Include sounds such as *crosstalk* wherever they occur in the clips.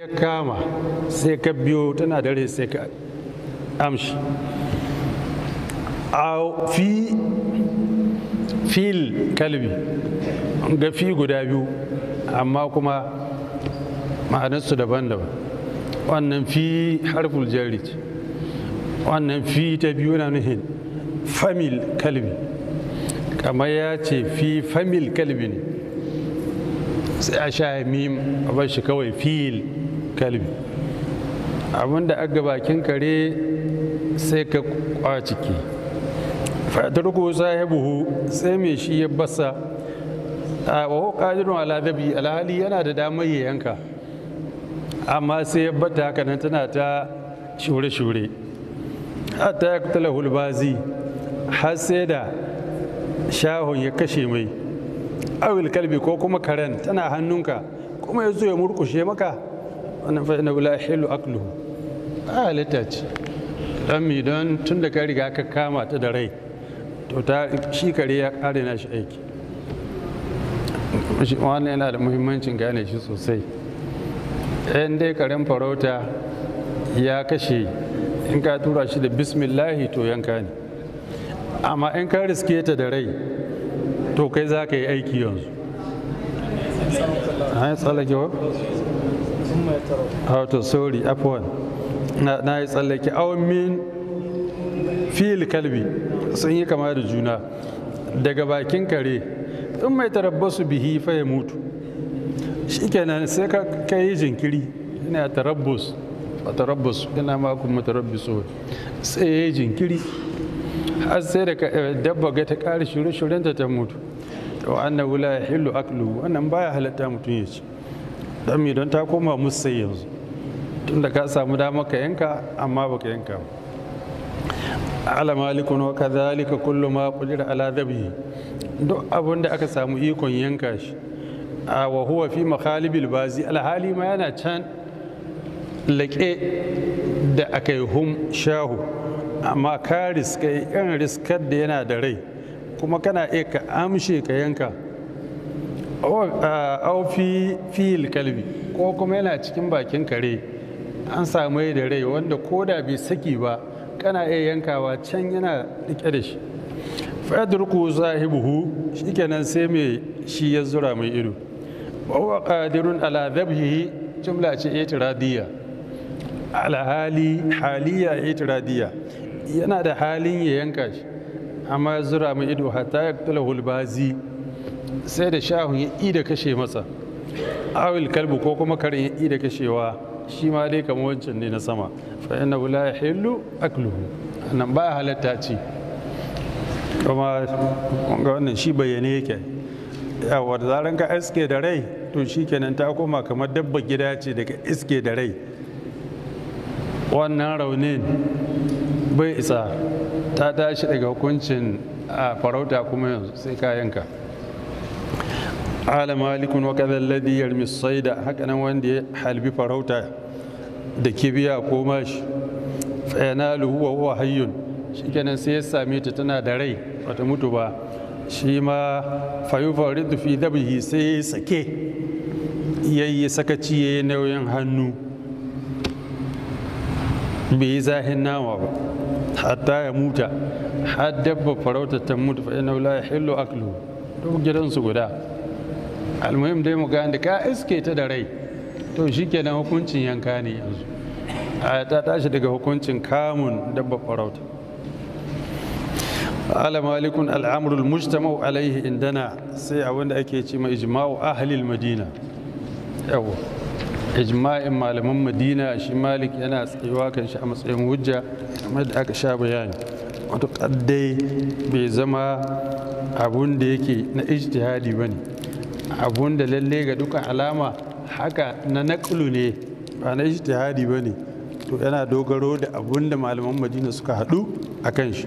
ya kama sai ka biyo tana dare sai ka amshi a fi fil kalbi ga fi guda biyu amma kuma ma'anarsu daban-daban wannan fi harful jari wannan fi ta biyu na nuhin famil kalbi kamar ya ce fi famil kalbi ne sai a sha mim a bashi kawai fil kalbi abin da aga bakin kare sai ka kwaciki fatarku sahibuhu sai mai shi ya basa a wahu ƙadirun aladabi alhali yana da damar ya yanka amma sai ya bata haka nan tana ta shure-shure hatta ya kutala hulbazi har sai da shahon ya kashe mai awil kalbi ko kuma karen tana hannunka kuma ya zo ya murkushe maka wannan fa inna la yahillu aklu a halitta ce dan don tun da ka riga ka kama ta da rai to ta shi kare ya kare na shi aiki wannan yana da muhimmancin gane shi sosai yan dai karen farauta ya kashe in ka tura shi da bismillahi to yanka ne amma in ka riske ta da rai to kai za ka yi aiki yanzu mimma wato oh to sorry afwan na yi tsallake aw min fil kalbi sun yi kama da juna daga bakin kare in mai tarabbasu bihi fa ya mutu shikenan sai ka yi jinkiri ina tarabbus tarabbus ina ma kuma tarabbisu sai ya yi jinkiri har sai da eh, dabba ga ta kare shirin shiryenta ta mutu to annahu la yahillu aklu wannan baya halatta mutum ya ci don mi don ta koma musu sai yanzu tun ka samu dama ka yanka amma baka yanka ba ala malikun wa kadhalika kullu ma qudira ala duk abin da aka samu ikon yanka shi a wa huwa fi makhalibil bazi alhali ma yana can laƙe da aka yi hum shahu amma ka riskai yan riskar da yana da rai kuma kana iya ka amshe ka yanka Oh, uh, au fi fil kalbi ko kuma yana cikin bakin kare an samu da rai wanda ko da bai saki ba kana iya yankawa can yana rike da shi fadruku zahibuhu shikenan sai mai shi ya zura mai ido wa qadirun ala dhabhihi jumla ce itradiya ala hali haliya itradiya yana da halin ya yanka shi amma zura mai ido hatta yaqtulahu albazi sai da shahun ya ida kashe masa awil kalbu ko kuma karin ya ida kashewa shi ma dai kamar wancan ne na sama fa inna la yahillu akluhu nan ba halatta ci kuma ga wannan shi bayyane yake yawa da zaran ka iske da rai to kenan ta koma kamar dabba gida ce daga iske da rai wannan raunin bai isa ta tashi daga hukuncin a farauta kuma yanzu sai kayanka ala malikun wa kaza alladhi yarmi saida haka nan wanda ya halbi farauta da kibiya ko mashi fa luhuwa wa huwa shi shikenan sai ya same ta tana da rai bata mutu ba shi ma fa fi dhabihi sai sake yi sakaci yi nauyin hannu bai yi zahin nama ba hatta ya muta har dabba farauta ta mutu fa wula ya yahillu aklu gidansu guda almuhim dai mu gane ka iske ta da rai to shikenan hukuncin yanka ne yanzu ta tashi daga hukuncin kamun dabba farauta ala malikun al'amrul mujtama'u alaihi indana sai abinda ake ce ma ijma'u ahlil madina yawa ijma'in malaman madina shi malik yana tsayuwa kan shi a matsayin hujja kamar da aka sha bayani matuƙar dai bai zama abun da yake na ijtihadi ba ne abun da lalle ga dukkan alama haka na naƙulu ne ba na ijtihadi ba ne to yana dogaro da abun da malaman madina suka haɗu a kan shi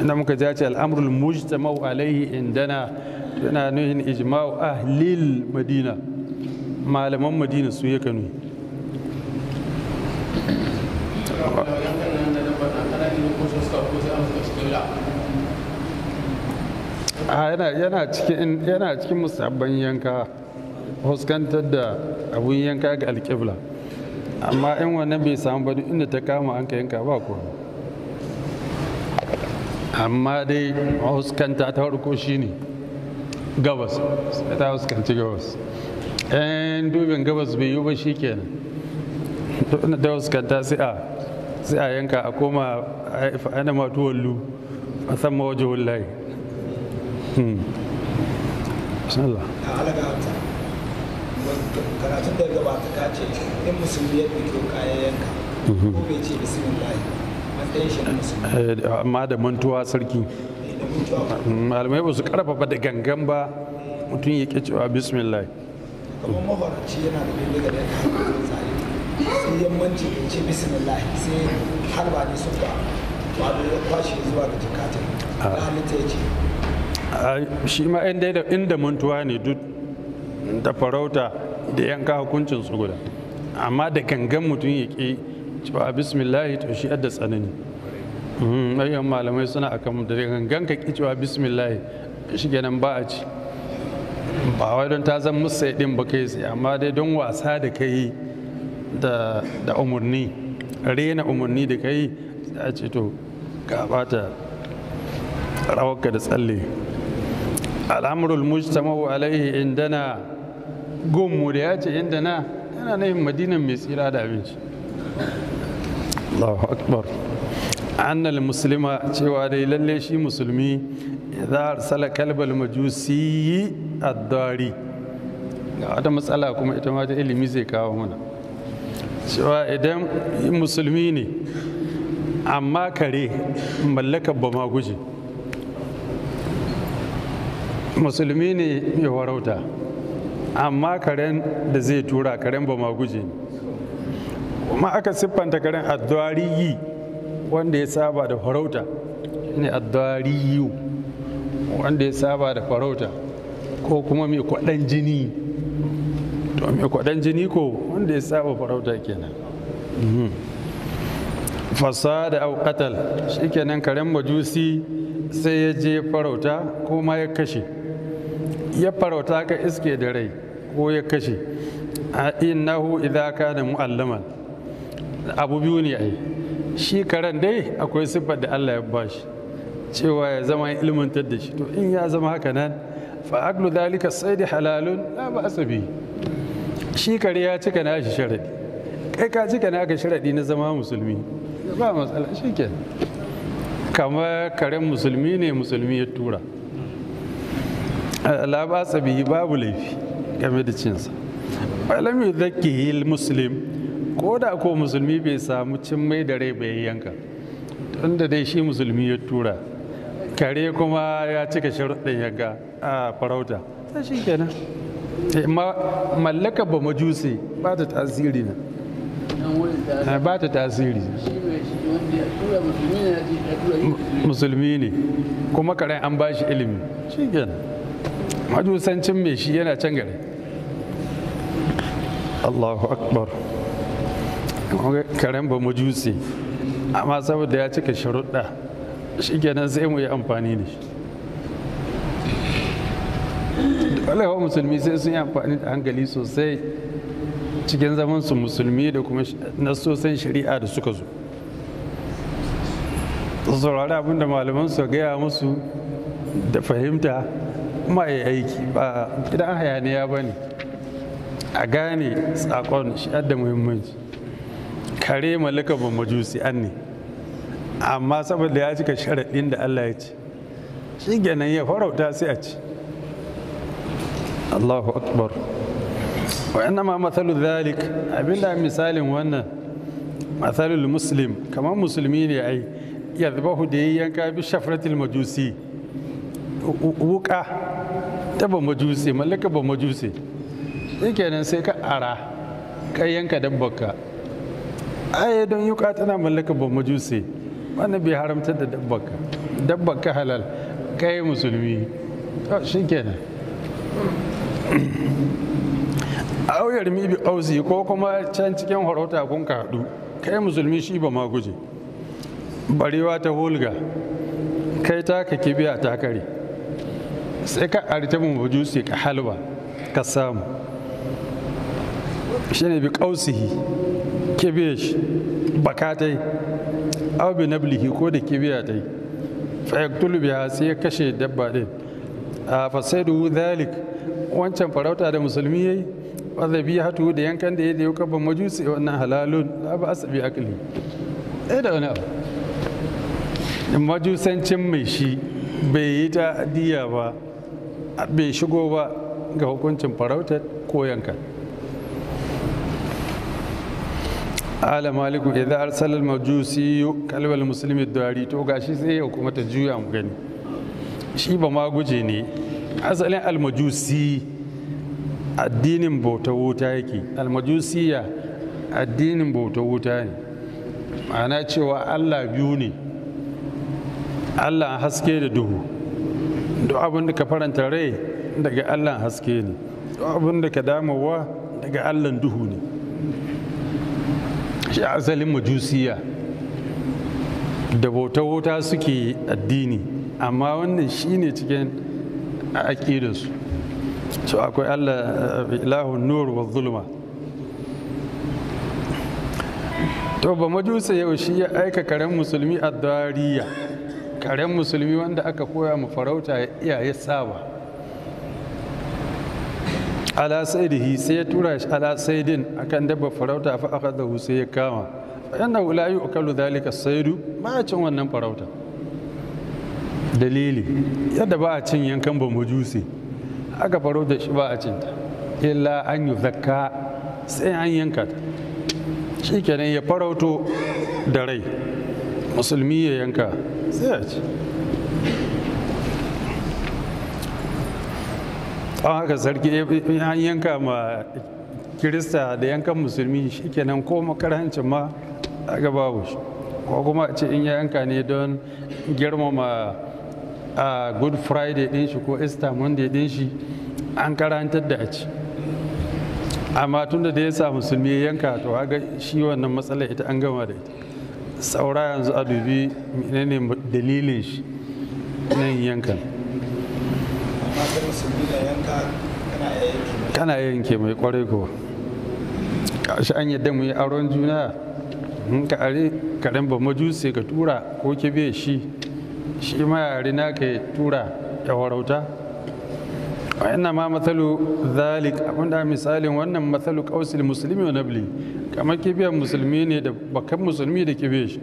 inda muka jace al'amrul mujtama'u alaihi indana yana nuhin ijma'u ahlil madina malaman madina su ya kanu a yana cikin yana cikin musabban yanka huskantar da abun yanka ga alƙibla amma in wannan bai samu ba inda ta kama an ka yanka ba ko amma dai huskanta ta farko shine gabas ta huskanci gabas yan dubin gabas bai yi ba shi kenan ta huskanta sai a sai a yanka a koma ana matu wallu a san mawaje wallahi bismillah karatun da gabata ka ce in musulmi ya fito kayan yanka mhm. ko bai ce bismillah matsayin shi na eh, amma da mantuwa sarki eh, hmm, malamai ba su karfafa da gangan ba mutum ya ke cewa bismillah kamar mahorarci yana da bindiga da ya sai manci da ce bismillah sai harba ne suka da ya kwashe zuwa ga jikatan da ah. halitta ya ce ah, shi ma inda mantuwa ne duk da farauta da yanka hukuncin su guda amma da gangan mutum ya ƙi cewa bismillah to shi da tsanani hmm, ayyan malamai suna akan da gangan ka ƙi cewa bismillah shi kenan ba a ci ba wai don ta zan musa din ba kai amma dai don wasa da kai da umarni rena umarni da kai a ce to ka bata rawarka da tsalle al'amurul mujtama'u alaihi indana gunmu da ya ce inda na, yana na yin madinan mai tsira da abinci Allahu akbar annal muslima cewa dai lalle shi musulmi idza arsala kalbal majusi ad-dari ga wata matsala kuma ita ma ta ilimi zai kawo mana cewa idan musulmi ne amma kare mallakar ba ma guje musulmi ne mai warauta amma karen da zai tura karen ba ma guje kuma aka siffanta karen yi, wanda ya saba da farauta ne yi wanda ya saba da farauta ko kuma mai kwaɗan jini to mai kwadan jini ko wanda ya saba farauta kenan mhm. fasada au qatal shikenan karen majusi sai ya je farauta ko ma ya kashe ya farauta ka iske da rai ko ya kashe a innahu idza kana mu'allaman abu biyu ne ai shi karen dai akwai siffar da Allah ya bashi cewa ya zama ilmantar da shi to in ya zama haka nan fa aklu dhalika sayd halalun la ba'sa shi kare ya cika na shi sharaɗi kai ka cika na ka sharaɗi na zama musulmi ba matsala shi ke kama karen musulmi ne musulmi ya tura labasa bihi babu laifi game da cinsa alam hil muslim ko da ko musulmi bai samu cin mai da rai bai yanka tunda dai shi musulmi ya tura kare kuma ya cika sharaɗin yanka a farauta ta shi kenan Eh, mallaka ba majusi ba ta tasiri na eh, ba ta tasiri musulmi ne kuma karen an ba shi ilimi shi majusancin mai shi yana can gare allahu akbar karen ba majusi amma saboda ya cika sharuɗa shi kenan sai mu yi amfani da shi walawa musulmi sai sun yi amfani da hankali sosai cikin zaman su musulmi da kuma nasosan shari'a da suka zo saurari abinda malaman su gaya musu da fahimta ma ya aiki ba idan hayaniya ba ne a gane tsakon shi da muhimmanci kare malaka ba majusi an ne amma saboda ya cika sharaɗin da allah ya ci shi ya farauta sai a ci. Allahu akbar wa annama mathalu dhalik abinda misalin wannan mathalul muslim kamar musulmi ne ai yadbahu da yanka bi shafratil majusi wuka ta ba majusi mallaka ba majusi kenan sai ka ara ka yanka dabbarka ai don yuka tana mallaka ba majusi wannan bai haramta da dabbarka dabbarka halal kai musulmi to kenan. auyar mi bi auzi ko kuma can cikin harauta kun kaɗu kai musulmi shi ba ma guje barewa ta hulga kai ta ka kibiya ta kare sai ka arita mun bujusi ka halwa ka samu shi ne bi ƙausihi kibiya shi bakatai abu na nablihi ko da kibiya ta yi fayaktulu biya sai ya kashe dabba ɗin fasaidu dhalik wancan farauta da musulmi yayi wazabi hatu da yankan da yayi da ban majusi wannan halalun la ba asabi akli eh da wani abu majusancin mai shi bai yi ta diya ba bai shigo ba ga hukuncin farauta ko yankan ala maliku idza arsala al-majusi kalbal muslimi dari to gashi sai ya kuma juya mu gani shi ba ma guje ne asalin almajusi addinin bauta wuta yake almajusiya addinin bauta wuta ne ma'ana cewa allah biyu ne allah haske da duhu duk abin da ka faranta rai daga allah haske ne duk abin da ka damawa daga allah duhu ne shi asalin majusiya da bauta wuta suke addini amma wannan shi ne cikin aqidarsu so akwai Allah ilahun nur wa zulma to ba majusa yau shi ya aika karen musulmi a dariya karen musulmi wanda aka koya mu farauta ya ya saba ala saidihi sai ya tura shi ala saidin akan dabba farauta fa aka sai ya kama yana wula yi ukalu dalika saidu ma cin wannan farauta dalili yadda ba a cin yankan bambu majuse aka faro da shi ba a cinta illa an yi zakka sai an yanka ta shi kenan ya farauto da rai musulmi ya yanka sai a ci an haka sarki an yanka ma kirista da yankan musulmi shi kenan ko makarancin ma a gaba shi ko kuma a ce in yanka ne don girmama a good friday din shi ko easter monday din shi an karantar da a ci amma tun da ya sa musulmi ya yanka to ga shi wannan matsala ita an gama da ita saura yanzu a dubi ne dalilin shi nan yankan kana yanke mai kwarai kuwa shi an yadda mu yi auren juna in ka are kaɗan ba majusai ka tura ko ke biya shi shi ma yare na ka tura ya warauta wa ina ma matsalu zalik abinda misalin wannan matsalu kausil musulmi wa nabli kamar kibiyar musulmi ne da bakan musulmi da kibe shi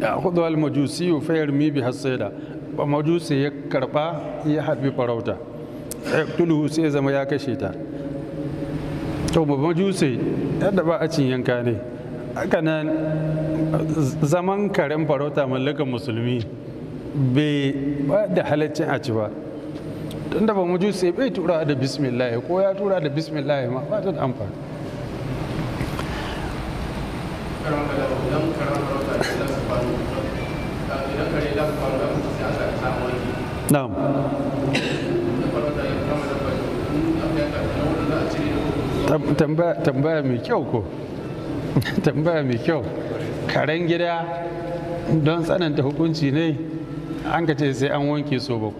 da hudu al majusi wa fayar mi bi hasaida ba majusi ya karba ya harbi farauta tulu sai zama ya kashe ta to ba majusi yadda ba a cin yanka ne haka nan zaman karen farauta mallakar musulmi bai da halaccin a ci ba don da ba mu sai bai tura da bismillah ko ya tura da bismillah ma ba ta da amfani na'am tambaya mai kyau ko *laughs* tambaya mai kyau karen gida don tsananta hukunci ne an ka ce sai an wanke so ba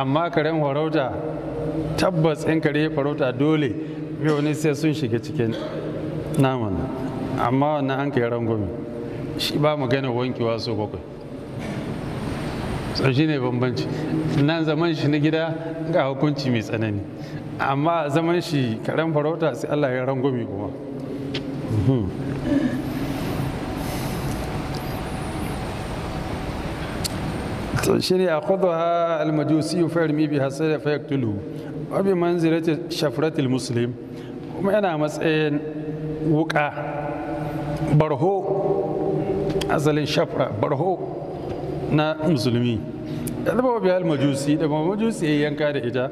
amma karen farauta tabbas in kare farauta dole wani sai sun shiga cikin naman amma wannan an kai rangwame shi ba magana wankewa so bakwai so shi ne bambanci nan zaman shi na gida ga hukunci mai tsanani amma zaman shi karen farauta sai allah ya rangwami kuma hmm. شنو يأخذها المجوسي فيرمي بها سيرا فيقتله وبمنزلة شفرة المسلم وما أنا مسئين وقع برهو أزل شفرة برهو نا مسلمي هذا هو بها المجوسي ده مجوسي ينكار إجا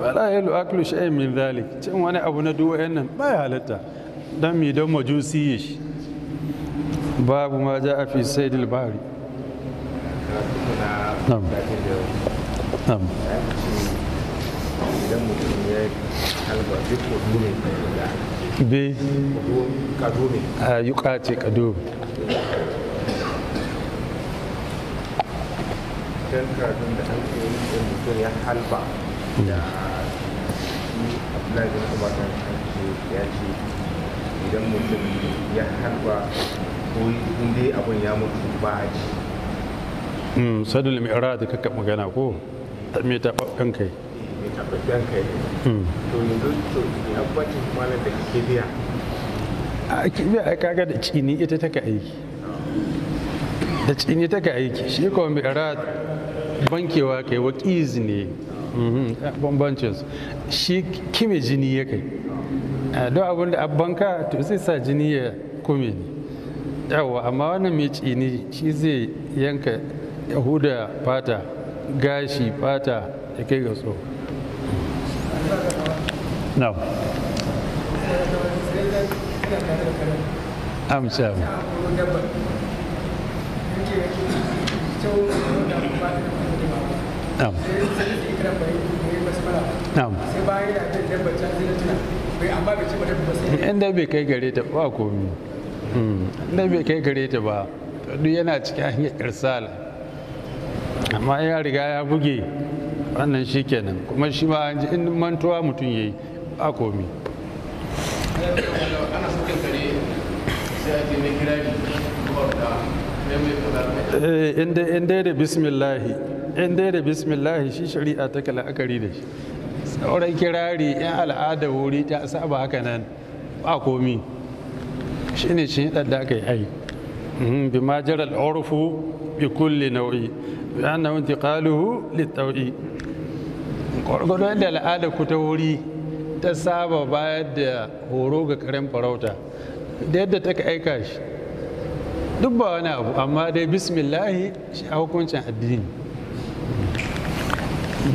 فلا يلو أكل شيء من ذلك كم وانا أبو ندو إن ما يهلتا دمي دم مجوسيش باب ما جاء في سيد الباري Thank you. na'am na'am idan mutum ya halba duk wasu ne be a ah, yuka ce kado idan kadun da alƙawarin mutum ya halba da abdullahi bin umar ya ce idan mutum ya halba ko inda abin ya mutu ba a ci Mm, sadul mi'ra da kaka magana ko ta me ta babban kai tabbatar kai mm. to yanzu to ya bace malam da kake biya a kibiya ai kaga da cini ita take aiki da cini take aiki shi ko mi'ra bankewa kai waqiz ne mm-hmm, bambancin shi kime jini ya kai don abin da abban ka to zai sa jini ya kome ne yawa amma wannan mai cini shi zai yanka ya fata gashi fata ya kai ga tso amsa bai ba kai gare ta ba komi hmm. in bai kai gare ta ba duk yana cikin hanyar irsala amma ya riga ya buge wannan shi kenan kuma shi ma in mantuwa mutum ya yi a komi eh, inda da bismillahi inda da bismillahi shi shari'a ta kala akari da shi sauran kirari yan al'ada wuri ta saba haka nan a komi shi ne shi da aka yi ai hmm, bi majaral al'urufu bi kulli nau'i لأنه انتقاله للتوعي gwargwado yadda al'ada ta wuri ta saba baya da horo ga karen farauta da yadda ta aika shi duk ba abu amma dai bismillahi shi a hukuncin addini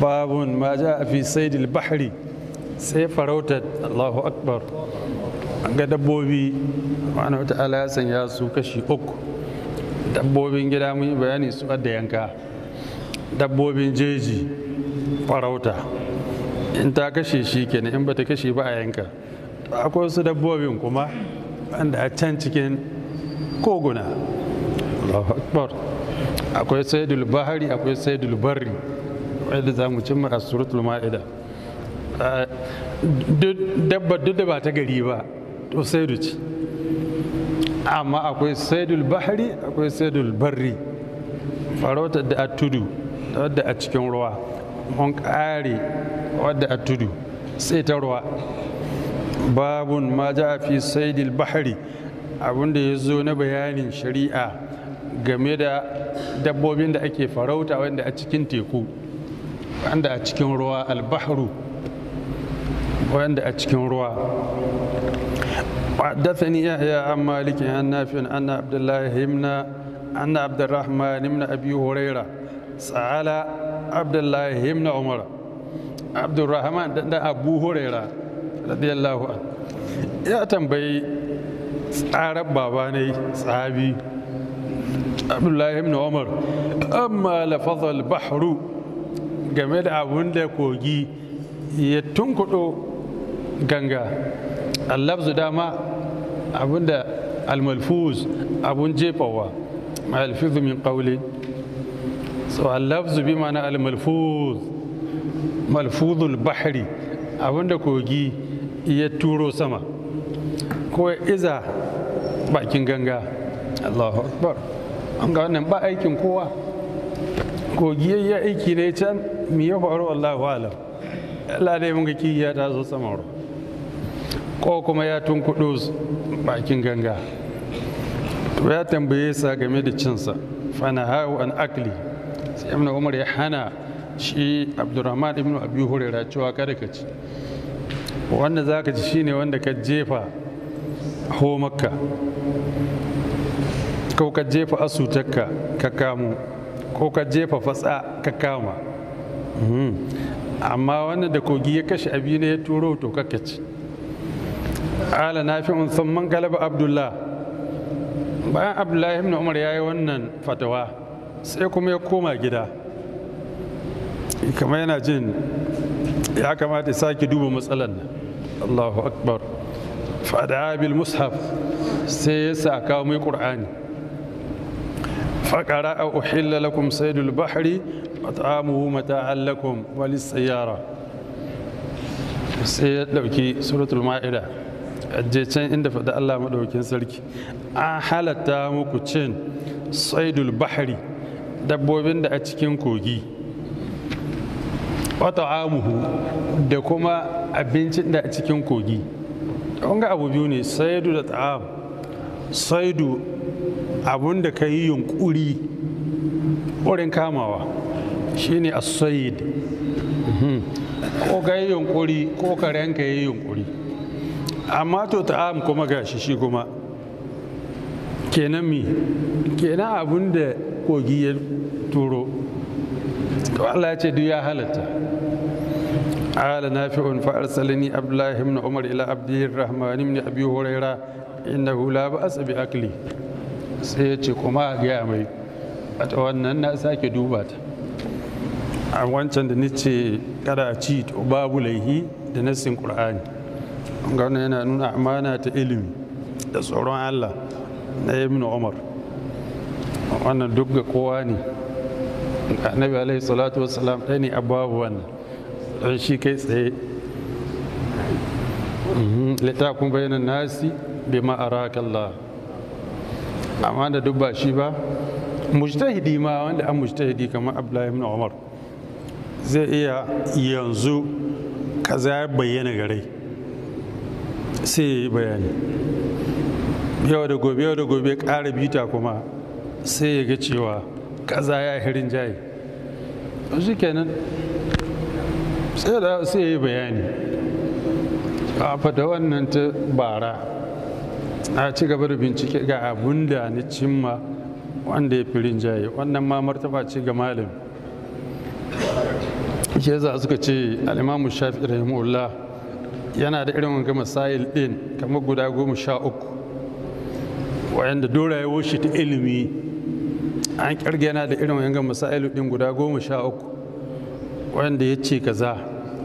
Babu ma a fi saidil bahri sai farautar allahu akbar ga dabbobi wani wata alasan ya su kashi uku dabbobin gida mun yi bayani su da yanka dabbobin jeji farauta in ta kashe shi kenan in bata kashe ba a yanka akwai wasu dabbobin kuma wanda a can cikin koguna akwai saidul bahari akwai saidul barri wadda za mu cimma a suratul ma'ida dabba duk da ba ta gari ba to saidu ci. amma akwai saidul bahari akwai saidul barri farautar da a tudu wadda a cikin ruwa mun kare wadda a tudu sai ta ruwa babun ma ja fi saidul bahari abinda ya zo na bayanin shari'a game da dabbobin da ake farauta wanda a cikin teku wanda a cikin ruwa albahru wanda a cikin ruwa حدثني يحيى عن مالك عن نافع أن عبد الله بن أن عبد الرحمن بن أبي هريرة سأل عبد الله بن عمر عبد الرحمن بن أبو هريرة رضي الله عنه يا تنبي عرب باباني صحابي عبد الله بن عمر أما لفظ البحر جميل عبد الله كوجي ya tunkuɗo ganga allafzu dama abinda almalfuz abun jefawa malfizu min qawli so allafzu bi mana almalfuz malfuzul bahri abinda kogi ya turo sama ko iza bakin ganga allahu akbar an ga wannan ba aikin kowa kogi ya aiki ne can me ya faru allahu alam Allah mun ga kigiya ta zo saman ko kuma ya tunkuɗo bakin ganga to ya tambaye sa game da cinsa fana hau an akli sai ibn umar ya hana shi abdurrahman ibn abi hurairah cewa kada ka ci wanda za ka ci shine wanda ka jefa makka ko ka jefa asutakka ka kamo ko ka jefa fatsa ka kama hmm. amma wannan da kogi ya kashe abi ne ya turo to kaka ci ala nafi'un un man galaba abdullah bayan abdullahi ibn umar ya yi wannan fatawa sai kuma ya koma gida kama yana jin ya kamata sake duba matsalan nan allahu akbar fada bil mushaf sai ya sa kawo mai qur'ani faƙara a uhilla lakum saidul bahri at'amuhu mata'an lakum wa lis-sayyara sai ya ɗauki suratul ma'ida aje can inda faɗa Allah madaukin sarki an halatta muku cin saidul bahari dabbobin da a cikin kogi wa ta'amuhu da kuma abincin da a cikin kogi ga abu biyu ne saidu da ta'am saidu abun da ka yi yunƙuri, wurin kamawa shine asayid sayyid hmm. ko ka yi yunkuri ko ka ranka yi yunkuri amma to ta'am kuma ga shi shi kuma kenan mi kenan abun da kogi ya turo to Allah ya ce duk ya halatta قال نافع فأرسلني عبد الله بن عمر إلى عبد الرحمن بن أبي هريرة إنه لا بأس بأكلي سيتي كما جامي أتوانا الناس ta. a wancan da nace kada a ci babu laihi da nassin qur'ani gano yana nuna amana ta ilimi da tsoron allah na ibn umar wannan duk ga kowa ne annabi alaihi salatu wassalam ɗaya ne a babu wannan don shi kai tsaye mhm, littafin bayanan nasi bi ma'arakallah amma da duk ba shi ba mujtahidi ma wanda an mujtahidi kamar abdullahi ibn umar zai iya yanzu kaza ya bayyana gare sai ya yi bayani yau da gobe yau da gobe ƙara bita kuma sai ya ga cewa kaza ya hirin jaye shi kenan sai ya yi bayani a fata wannan ta bara a ci gaba da bincike ga abun da ni cimma wanda ya fi rinjaye wannan ma martaba ci ga malami shi za suka ce al'imamu shafi rahimullah yana da irin wanga masail ɗin kamar guda goma sha uku wayanda ya woshi ta ilimi an kirga yana da irin wanga masail ɗin guda goma sha uku wayanda ya ce kaza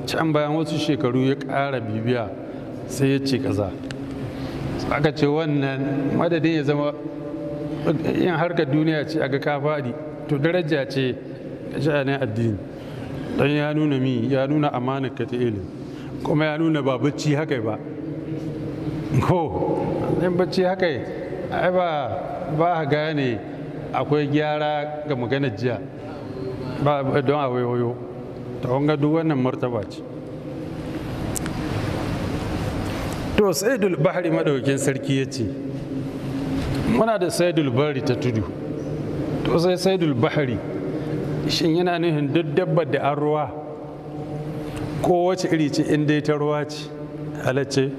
can bayan wasu shekaru ya ƙara bibiya sai ya ce kaza aka ce wannan madadin ya zama yin harkar duniya ce aga ka faɗi to daraja ce ne addini dan ya nuna mi ya nuna amanar ka ta ilimi kuma ya nuna ba bacci haka ba ko in bacci haka ai ba ba gane akwai gyara ga maganar jiya ba don a wayoyo ta wanga duk wannan martaba ce to saidul bahari madaukin sarki ya ce muna da saidul bahari ta tudu to sai saidul bahari shin yana nufin duk dabbar da an ruwa ko wace iri ce in dai ta ruwa ce halacce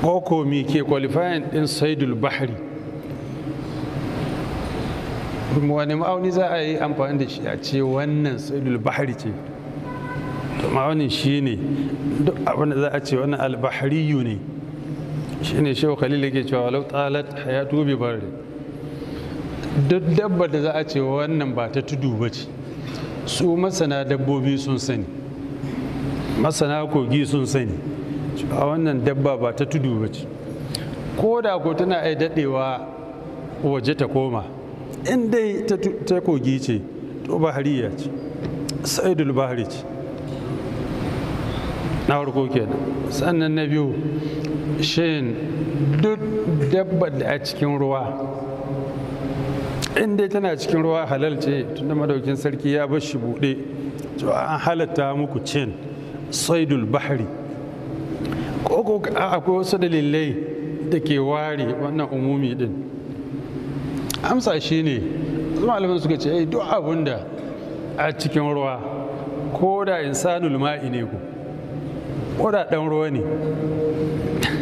ko ko ke qualifying din saidul bahri wani ma'auni za a yi amfani da shi a ce wannan saidul bahri ce ma'aunin shi ne duk abin da za a ce wannan albahariyu ne shi ne shehu khalil yake cewa walau talat hayatu bi barri duk dabba da za a ce wannan ba ta tudu ba ce su masana dabbobi sun sani masana kogi sun sani a wannan dabba ba ta tudu ba ce ko da ko tana ai daɗewa waje ta koma in dai ta kogi ce to bahariya ce sa'idul bahari ce na farko kenan sannan na biyu shin duk dabba da a cikin ruwa in dai tana cikin ruwa halal ce tunda madaukin sarki ya bar shi buɗe to an halatta muku cin saidul bahari ko akwai wasu dalilai da ke ware wannan umumi din amsa shi ne malaman suka ce ai eh, duk abun da a cikin ruwa ko da insanul ma'i ne ku ko da ɗan ruwa ne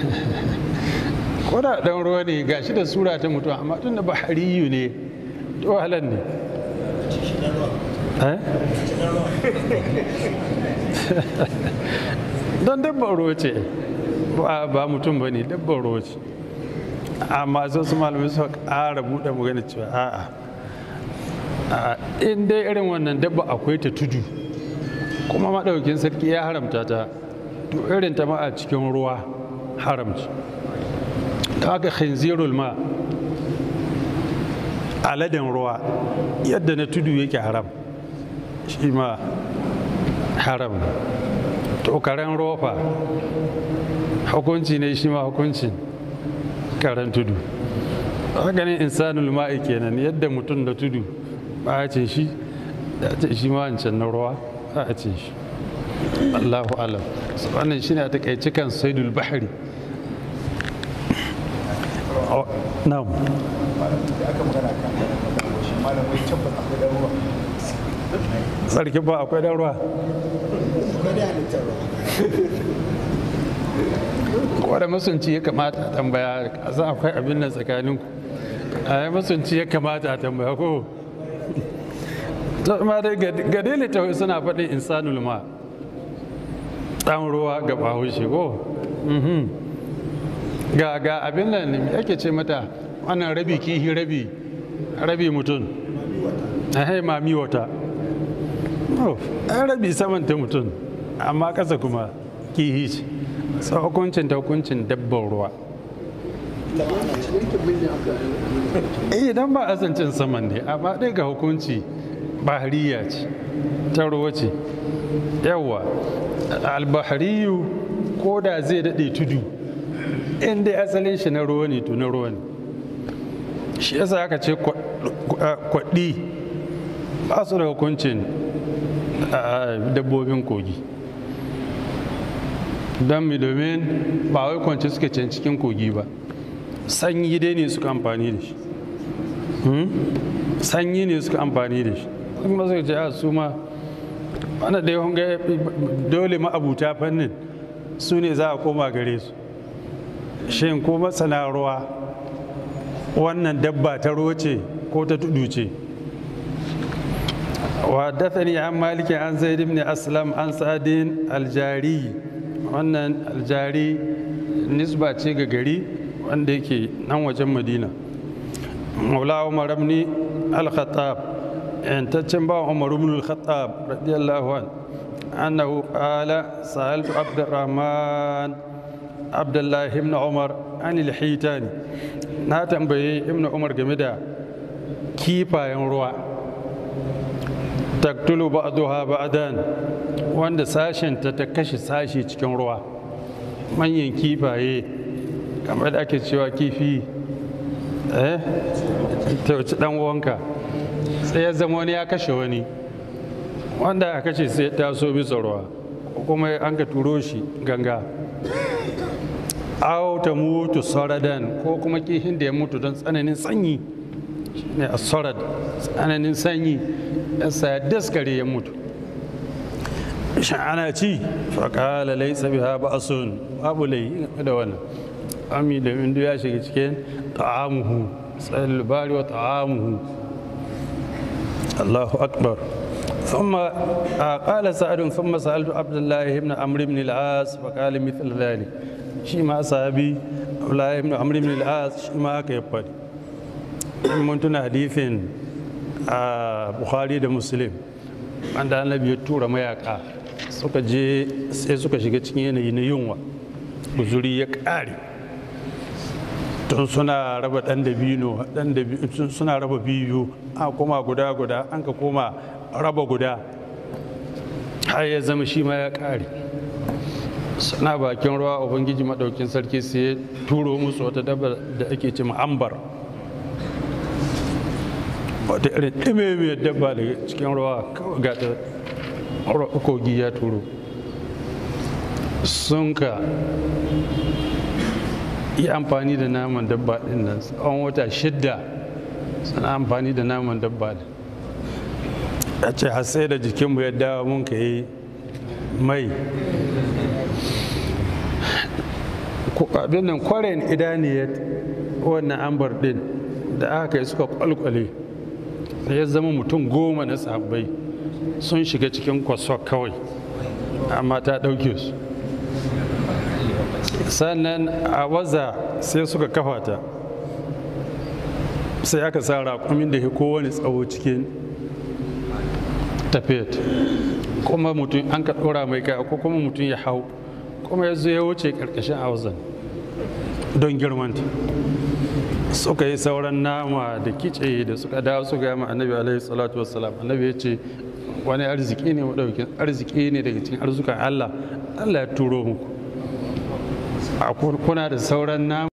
*laughs* ko da ɗan ruwa ne gashi da sura ta mutum amma tun da bahariyu ne wahalar ne eh? *laughs* don dabban ruwa ce ba mutum ba ne dabban ruwa ce amma sai su malamai suka ƙara buɗe magana cewa a'a in dai irin wannan dabba akwai ta tudu kuma maɗaukin sarki ya haramta ta to irin ta ma a cikin ruwa haramci ta haka khinzirul ma aladen ruwa yadda na tudu yake haram shi ma haram to rofa hukunci ne shi ma hukuncin karen tudu hakanin insanul ma'i kenan yadda mutum da tudu ba a ce shi da ce shi ma wancan na ruwa ba a ce shi allahu alam wannan shine a takaice kan saidul bahari na'am da aka magana kan shi malam wai tabbas akwai dan ruwa sarki ba akwai dan ruwa kowa da masunci ya kamata a tambaya a za akwai abin nan tsakaninku a yi masunci ya kamata a tambaya ko ma dai ga ne tawai suna faɗin insanul ma ɗan ruwa ga bahaushe ko mhm. ga ga abin nan ake ce mata ana rabi kihi rabi rabi mutum ahai mami wata oh, an rabi saman ta mutum amma ƙasa kuma kihi ce sa hukuncin ta hukuncin dabban ruwa eh, idan ba azancin saman ne amma ɗaya ga hukunci bahariya ce ta ruwa ce yawa albahariyu ko da zai daɗe tudu inda asalin shi na ruwa ne to na ruwa ne shi yasa aka ce kwaɗi ba su da hukuncin dabbobin kogi don mi domin ba wai kwanci suke can cikin kogi ba sanyi dai ne suka amfani da shi hmm? sanyi ne suka amfani da shi kuma suka ce a su ma wanda da yawan dole ma'abuta fannin su ne za a koma gare su shin ko masana ruwa wannan dabba ta roce ko ta tudu ce وحدثني عن مالك عن زيد بن أسلم عن سعد الجاري wannan aljari nisba ce ga gari wanda yake nan wajen madina maula umar ibn al-khattab yantaccen ba umar ibn al an أنه قال سألت عبد الرحمن عبد الله بن عمر عن الحيتان ناتن بي ابن عمر جمدا كيفا ينروى تقتل بعضها بعدان wanda sashenta ta kashe sashi cikin ruwa manyan kifaye kamar da ake cewa kifi eh ta dan wanka. sai ya zama wani ya kashe wani wanda aka ce sai ta so bi tsaruwa kuma an ka turo shi ganga aw ta mutu saradan ko kuma kihin da ya mutu don tsananin sanyi ne a sarad tsananin sanyi yasa ya daskare ya mutu ana ci faƙala ba a ba'asun babu lai da wannan ami da indu ya shiga cikin ta'amuhu tsallubari wa ta'amuhu Allahu akbar ثم قال سعد ثم سألت عبد الله بن عمرو بن العاص فقال مثل ذلك shi ma sahabi Abdullahi ibn Amr ibn al-As shi ma aka yi fadi hadifin Bukhari da Muslim wanda Annabi ya tura mayaka suka je sai suka shiga cikin yanayi na yunwa guzuri ya tun suna raba dan dabino dan suna raba biyu a koma guda guda an ka koma raba guda har ya zama shi ma ya ƙare suna bakin ruwa ubangiji maɗaukin sarki sai ya turo musu wata dabar da ake cima ambar wata irin ɗimemiyar dabba daga cikin ruwa ga ta kogi ya turo sun ka yi amfani da naman dabba ɗin nan tsawon wata shidda suna amfani da naman dabba ɗin a ce har da jikinmu ya dawo mun ka yi mai abin nan kwaren idaniyar wannan ambar din da aka yi suka kwalkwale da ya zama mutum goma na sabbai sun shiga cikin kwaso kawai amma ta ɗauke su sannan a waza sai suka kafa ta sai aka sa raƙumin da ya kowane tsawo cikin tafiyat kuma mutum an ka dora mai kai ko kuma mutum ya hau kuma ya zo ya wuce ƙarƙashin auzan don girmanta suka yi sauran nama da kice da suka dawo su gama annabi alaihi salatu wassalam annabi ya ce wani arziki ne madaukin arziki ne daga cikin arzukan allah allah ya turo muku kuna da sauran nama